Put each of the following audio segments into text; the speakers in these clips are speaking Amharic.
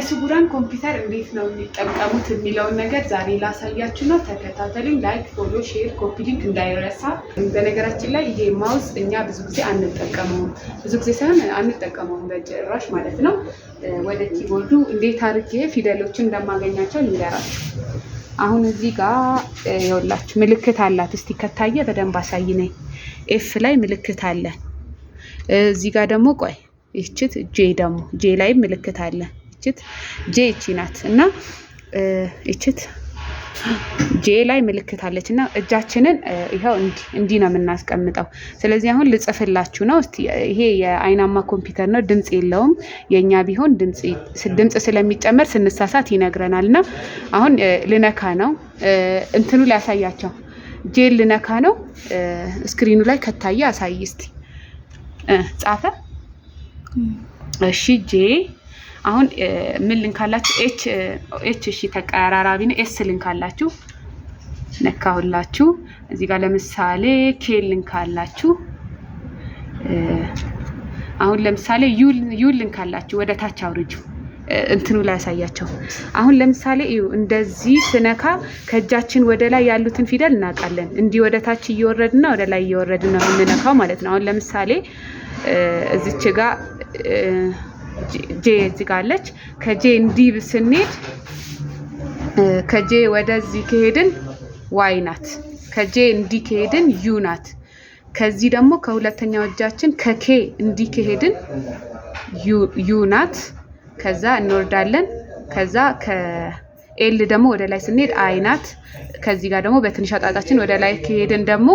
በስውራን ኮምፒውተር እንዴት ነው የሚጠቀሙት የሚለውን ነገር ዛሬ ላሳያችሁ ነው። ተከታተሉኝ። ላይክ፣ ፎሎ፣ ሼር፣ ኮፒ ሊንክ እንዳይረሳ። በነገራችን ላይ ይሄ ማውዝ እኛ ብዙ ጊዜ አንጠቀመውም፣ ብዙ ጊዜ ሳይሆን አንጠቀመውም በጭራሽ ማለት ነው። ወደ ኪቦርዱ እንዴት አድርጌ ፊደሎችን እንደማገኛቸው ልንገራችሁ። አሁን እዚህ ጋር የወላችሁ ምልክት አላት። እስቲ ከታየ በደንብ አሳይ ነኝ። ኤፍ ላይ ምልክት አለ እዚህ ጋር ደግሞ ቆይ ይችት ጄ ደግሞ ጄ ላይ ምልክት አለን። እችት ጄ እቺ ናት እና እችት ጄ ላይ ምልክት አለች እና እጃችንን ይኸው እንዲህ ነው የምናስቀምጠው። ስለዚህ አሁን ልጽፍላችሁ ነው። እስቲ ይሄ የአይናማ ኮምፒውተር ነው፣ ድምፅ የለውም። የእኛ ቢሆን ድምፅ ስለሚጨመር ስንሳሳት ይነግረናል። እና አሁን ልነካ ነው እንትኑ ላይ ጄ ልነካ ነው። ስክሪኑ ላይ ከታየ አሳይ እስቲ ጻፈ። እሺ ጄ አሁን ምን ልንካላችሁ? ኤች ኤች እሺ፣ ተቀራራቢ ነው። ኤስ ልንካላችሁ፣ ነካሁላችሁ። እዚህ ጋር ለምሳሌ ኬ ልንካላችሁ። አሁን ለምሳሌ ዩ ልንካላችሁ። ወደ ታች አውርጁ፣ እንትኑ ላይ ያሳያቸው። አሁን ለምሳሌ እዩ፣ እንደዚህ ስነካ ከእጃችን ወደ ላይ ያሉትን ፊደል እናውቃለን። እንዲህ ወደ ታች እየወረድና ወደ ላይ እየወረድን ነው የምንነካው ማለት ነው። አሁን ለምሳሌ እዚች ጋር ጄ እዚጋለች። ከጄ እንዲብ ስንሄድ ከጄ ወደዚህ ከሄድን ዋይ ናት። ከጄ እንዲ ከሄድን ዩ ናት። ከዚህ ደግሞ ከሁለተኛው እጃችን ከኬ እንዲ ከሄድን ዩ ናት። ከዛ እንወርዳለን። ከዛ ከኤል ደግሞ ወደ ላይ ስንሄድ አይ ናት። ከዚህ ጋር ደግሞ በትንሽ አጣጣችን ወደ ላይ ከሄድን ደግሞ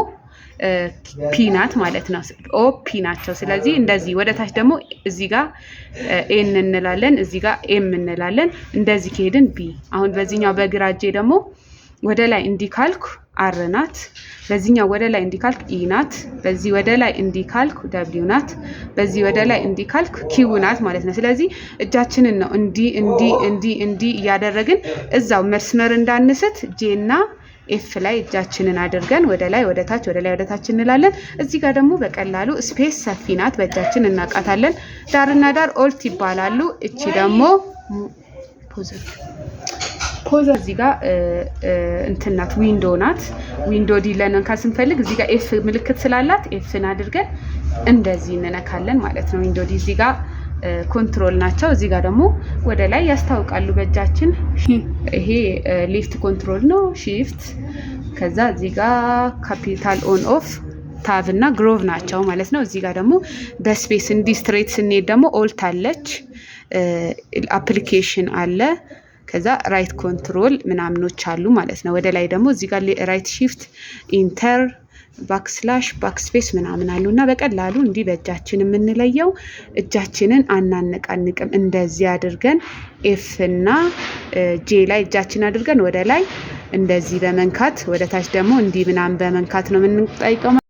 ፒ ናት ማለት ነው። ኦ ፒ ናቸው። ስለዚህ እንደዚህ ወደ ታች ደግሞ እዚህ ጋር ኤን እንላለን፣ እዚህ ጋር ኤም እንላለን። እንደዚህ ከሄድን ቢ። አሁን በዚህኛው በግራ እጄ ደግሞ ወደ ላይ እንዲካልኩ አር ናት። በዚህኛው ወደ ላይ እንዲካልክ ኢ ናት። በዚህ ወደ ላይ እንዲካልክ ደብሊው ናት። በዚህ ወደ ላይ እንዲካልክ ኪው ናት ማለት ነው። ስለዚህ እጃችንን ነው እንዲ እንዲ እንዲ እንዲ እያደረግን እዛው መስመር እንዳንስት ጄና ኤፍ ላይ እጃችንን አድርገን ወደ ላይ ወደ ታች ወደ ላይ ወደ ታች እንላለን። እዚህ ጋር ደግሞ በቀላሉ ስፔስ ሰፊ ናት፣ በእጃችን እናውቃታለን። ዳርና ዳር ኦልት ይባላሉ። እቺ ደግሞ ፖዘ እዚህ ጋር እንትን ናት፣ ዊንዶ ናት። ዊንዶ ዲ ለነካ ስንፈልግ እዚህ ጋር ኤፍ ምልክት ስላላት ኤፍን አድርገን እንደዚህ እንነካለን ማለት ነው። ዊንዶ ዲ እዚህ ጋር ኮንትሮል ናቸው። እዚህ ጋር ደግሞ ወደ ላይ ያስታውቃሉ በእጃችን። ይሄ ሌፍት ኮንትሮል ነው፣ ሺፍት ከዛ እዚህ ጋር ካፒታል ኦን ኦፍ ታቭ እና ግሮቭ ናቸው ማለት ነው። እዚህ ጋር ደግሞ በስፔስ እንዲህ ስትሬት ስንሄድ ደግሞ ኦልት አለች፣ አፕሊኬሽን አለ፣ ከዛ ራይት ኮንትሮል ምናምኖች አሉ ማለት ነው። ወደ ላይ ደግሞ እዚህ ጋር ራይት ሺፍት ኢንተር ባክስላሽ ባክስፔስ ምናምን አሉ እና በቀላሉ እንዲህ በእጃችን የምንለየው እጃችንን አናነቃንቅም። እንደዚህ አድርገን ኤፍ እና ጄ ላይ እጃችን አድርገን ወደ ላይ እንደዚህ በመንካት ወደ ታች ደግሞ እንዲህ ምናምን በመንካት ነው የምንጠይቀው።